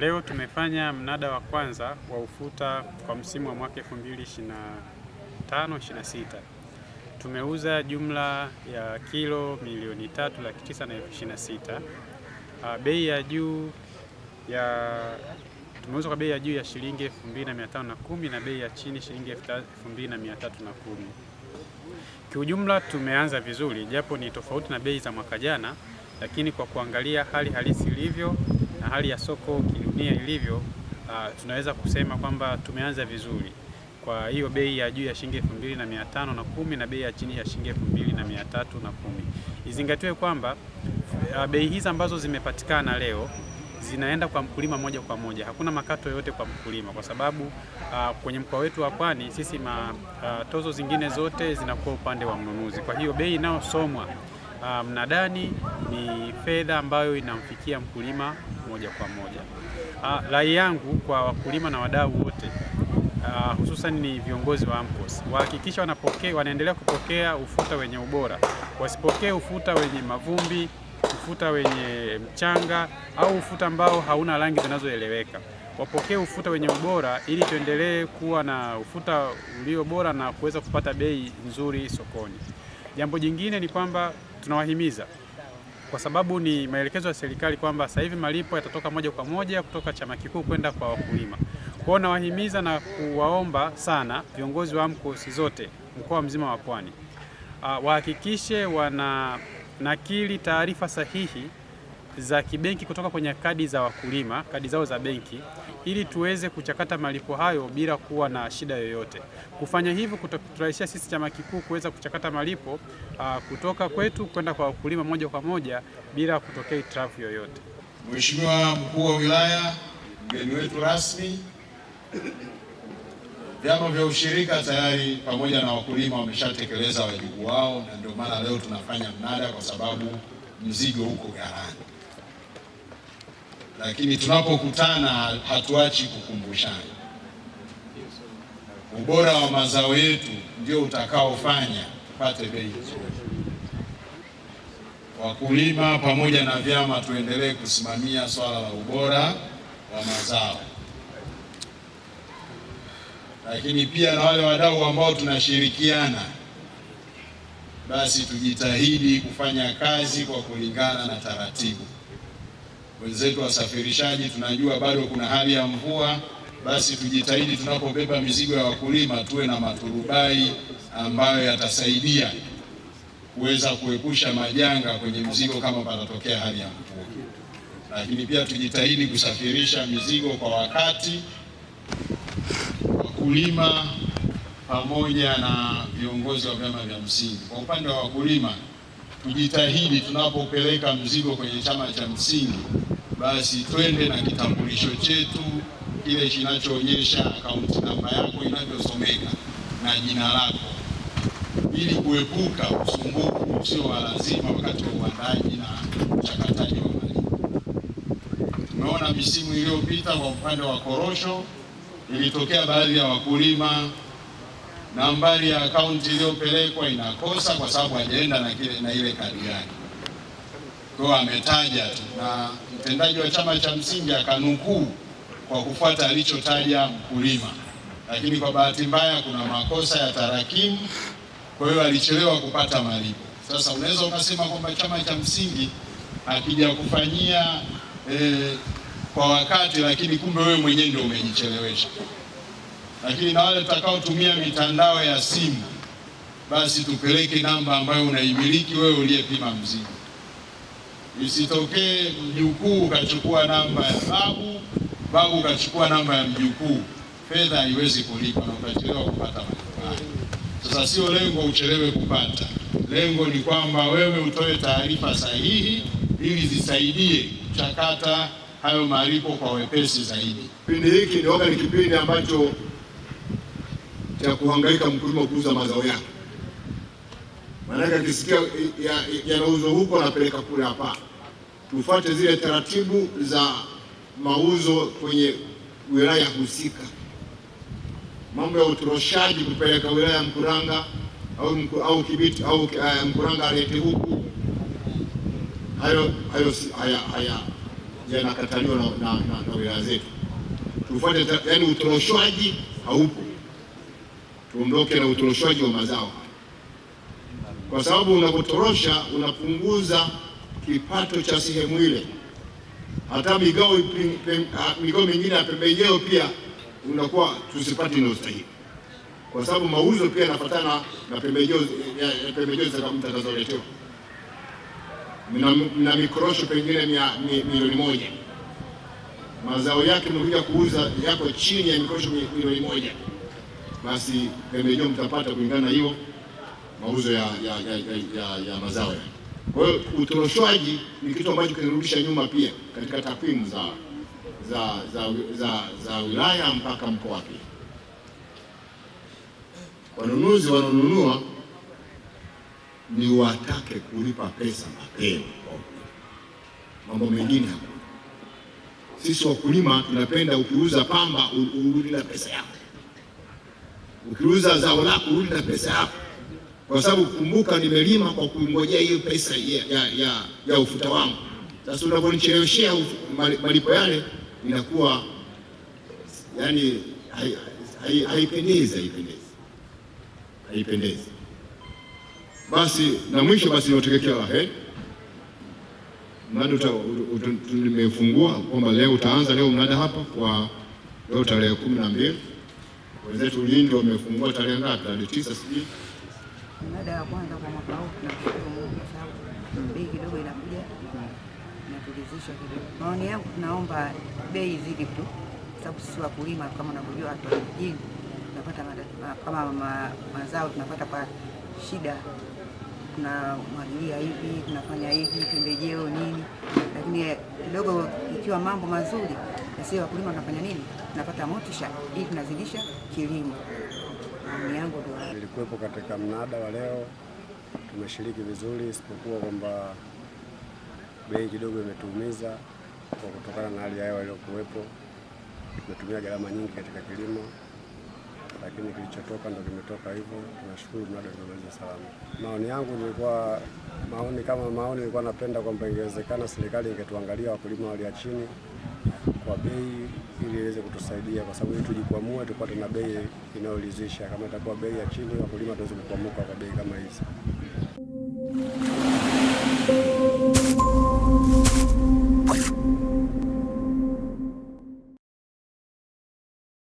Leo tumefanya mnada wa kwanza wa ufuta kwa msimu wa mwaka 2025 26. Tumeuza jumla ya kilo milioni tatu laki tisa na elfu ishirini na sita. Ah, bei ya juu ya tumeuza kwa bei ya juu ya shilingi elfu na na kumi na bei ya chini shilingi elfu na na kumi. Kiujumla tumeanza vizuri, japo ni tofauti na bei za mwaka jana, lakini kwa kuangalia hali halisi ilivyo na hali ya soko dunia ilivyo, uh, tunaweza kusema kwamba tumeanza vizuri. Kwa hiyo bei ya juu ya shilingi elfu mbili na mia tano na kumi na bei ya chini ya shilingi elfu mbili na mia tatu na kumi Izingatiwe kwamba uh, bei hizi ambazo zimepatikana leo zinaenda kwa mkulima moja kwa moja, hakuna makato yoyote kwa mkulima, kwa sababu uh, kwenye mkoa wetu wa Pwani sisi ma, uh, tozo zingine zote zinakuwa upande wa mnunuzi. Kwa hiyo bei inayosomwa uh, mnadani ni fedha ambayo inamfikia mkulima moja kwa moja. Ah, rai yangu kwa wakulima na wadau wote Uh, hususan ni viongozi wa AMCOS wahakikisha wanapokea, wanaendelea kupokea ufuta wenye ubora, wasipokee ufuta wenye mavumbi, ufuta wenye mchanga au ufuta ambao hauna rangi zinazoeleweka. Wapokee ufuta wenye ubora ili tuendelee kuwa na ufuta ulio bora na kuweza kupata bei nzuri sokoni. Jambo jingine ni kwamba tunawahimiza kwa sababu ni maelekezo ya serikali kwamba sasa hivi malipo yatatoka moja kwa moja kutoka chama kikuu kwenda kwa wakulima. Kwao nawahimiza na kuwaomba sana viongozi wa AMCOS zote mkoa mzima wa Pwani uh, wahakikishe wana nakili taarifa sahihi za kibenki kutoka kwenye kadi za wakulima, kadi zao za benki ili tuweze kuchakata malipo hayo bila kuwa na shida yoyote. Kufanya hivyo kutaturahisha sisi chama kikuu kuweza kuchakata malipo uh, kutoka kwetu kwenda kwa wakulima moja kwa moja bila kutokea hitilafu yoyote. Mheshimiwa mkuu wa wilaya, mgeni wetu rasmi, vyama vya ushirika tayari pamoja na wakulima wameshatekeleza wajibu wao, na ndio maana leo tunafanya mnada, kwa sababu mzigo huko ghalani lakini tunapokutana hatuachi kukumbushana. Ubora wa mazao yetu ndio utakaofanya tupate bei nzuri. Wakulima pamoja na vyama tuendelee kusimamia swala la ubora wa mazao, lakini pia na wale wadau ambao tunashirikiana, basi tujitahidi kufanya kazi kwa kulingana na taratibu wenzetu wasafirishaji, tunajua bado kuna hali ya mvua, basi tujitahidi tunapobeba mizigo ya wakulima tuwe na maturubai ambayo yatasaidia kuweza kuepusha majanga kwenye mzigo kama panatokea hali ya mvua. Lakini pia tujitahidi kusafirisha mizigo kwa wakati. Wakulima pamoja na viongozi wa vyama vya msingi, kwa upande wa wakulima tujitahidi tunapopeleka mzigo kwenye chama cha msingi, basi twende na kitambulisho chetu kile kinachoonyesha akaunti namba yako inavyosomeka na jina lako, ili kuepuka usumbufu usio wa lazima wakati wa uandaji na uchakataji wa mali. Tumeona misimu iliyopita kwa upande wa korosho ilitokea baadhi ya wakulima nambari ya akaunti iliyopelekwa inakosa kwa sababu hajaenda na kile na ile kadi yake. Kwa hiyo ametaja tu, na mtendaji wa chama cha msingi akanukuu kwa kufuata alichotaja mkulima, lakini kwa bahati mbaya kuna makosa ya tarakimu, kwa hiyo alichelewa kupata malipo. Sasa unaweza ukasema kwamba chama cha msingi kufanyia eh, kwa wakati, lakini kumbe wewe mwenyewe ndio umejichelewesha lakini na wale tutakaotumia mitandao ya simu, basi tupeleke namba ambayo unaimiliki wewe uliyepima mzigo. Isitokee mjukuu ukachukua namba ya babu, babu ukachukua namba ya mjukuu, fedha haiwezi kulipa na utachelewa kupata malipo Sasa sio lengo uchelewe kupata, lengo ni kwamba wewe utoe taarifa sahihi ili zisaidie kuchakata hayo malipo kwa wepesi zaidi. Kipindi hiki nioga ni kipindi ambacho cha kuhangaika mkulima kuuza mazao yake, maanake akisikia yanauzwa ya, huko anapeleka kule. Hapa tufuate zile taratibu za mauzo kwenye wilaya husika. Mambo ya utoroshaji kupeleka wilaya ya Mkuranga au, au Kibiti au uh, Mkuranga alete huku, hayo hayo haya, haya yanakataliwa na, na, na, na wilaya zetu tufuate, yani utoroshwaji haupo tuondoke na utoroshaji wa mazao, kwa sababu unapotorosha unapunguza kipato cha sehemu ile. Hata migao ah, migao mingine ya pembejeo pia unakuwa tusipate inayostahili, kwa sababu mauzo pia yanafuatana na pembejeo mtakazoletewa na, na mikorosho pengine milioni moja, mazao yake mekuja kuuza yako chini ya mikorosho milioni moja basi pembejeo mtapata kulingana hiyo mauzo ya, ya, ya, ya, ya mazao. Kwa hiyo utoroshwaji ni kitu ambacho kinarudisha nyuma pia katika takwimu za, za, za, za, za wilaya mpaka mkoa. wake. wanunuzi wanaonunua ni watake kulipa pesa mapema, mambo mengine hakuna. Sisi wakulima tunapenda ukiuza pamba urudi na pesa yako ukiuza zao lako na pesa yako, kwa sababu kumbuka, nimelima kwa kuingojea hiyo pesa ya, ya, ya, ya ufuta wangu. Sasa unaponicheleweshea malipo yale inakuwa yani haipendezi, haipendezi, haipendezi. Basi na mwisho basi niwatekekea la mnada nimefungua kwamba leo utaanza leo mnada hapa kwa leo tarehe kumi na mbili wenzetu Lindi wamefungua tarehe ngapi? Tarehe tisa sijui. Mada ya kwanza kwa mwaka huu tunamshukuru Mungu kwa sababu bei kidogo inakuja inatulizishwa kidogo. Maoni yangu tunaomba bei izidi tu, sababu sisi wakulima kama unavyojua, watu wa vijijini tunapata kama mazao tunapata kwa shida tunamwagilia hivi, tunafanya hivi pembejeo nini, lakini kidogo ikiwa mambo mazuri, basi wakulima tunafanya nini, tunapata motisha ili tunazidisha kilimo. Yangu ilikuwepo katika mnada wa leo, tumeshiriki vizuri, isipokuwa kwamba bei kidogo imetuumiza kwa kutokana na hali ya hewa iliyokuwepo. Tumetumia gharama nyingi katika kilimo lakini kilichotoka ndo kimetoka hivyo. Tunashukuru mradi umemaliza salama. Maoni yangu nilikuwa maoni kama maoni, nilikuwa napenda kwamba ingewezekana serikali ingetuangalia wakulima walio chini kwa bei ili iweze kutusaidia kwa sababu tujikwamue, tupate na bei inayolizisha. Kama itakuwa bei ya chini, wakulima tuweze kukwamuka kwa bei kama hizi.